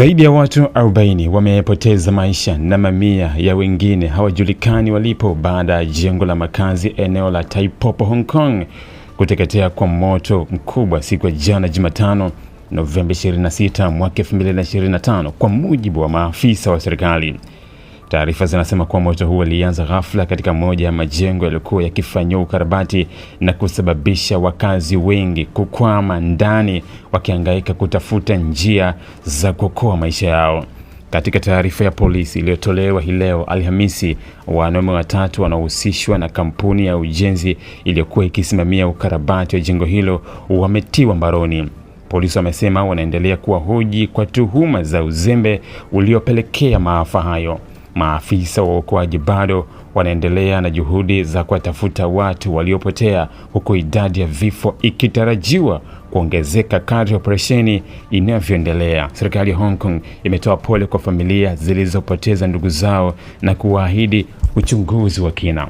Zaidi ya watu 40 wamepoteza maisha na mamia ya wengine hawajulikani walipo baada ya jengo la makazi eneo la Tai Hong Kong kuteketea kwa moto mkubwa siku ya jana Jumatano, Novemba 26 mwaka 2025 kwa mujibu wa maafisa wa serikali. Taarifa zinasema kuwa moto huo ulianza ghafla katika moja ya majengo yaliyokuwa yakifanyiwa ukarabati na kusababisha wakazi wengi kukwama ndani wakihangaika kutafuta njia za kuokoa maisha yao. Katika taarifa ya polisi iliyotolewa hii leo Alhamisi, wanaume watatu wanaohusishwa na kampuni ya ujenzi iliyokuwa ikisimamia ukarabati wa jengo hilo wametiwa mbaroni. Polisi wamesema wanaendelea kuwahoji kwa tuhuma za uzembe uliopelekea maafa hayo. Maafisa wa uokoaji bado wanaendelea na juhudi za kuwatafuta watu waliopotea huku idadi ya vifo ikitarajiwa kuongezeka kadri operesheni inavyoendelea. Serikali ya Hong Kong imetoa pole kwa familia zilizopoteza ndugu zao na kuwaahidi uchunguzi wa kina.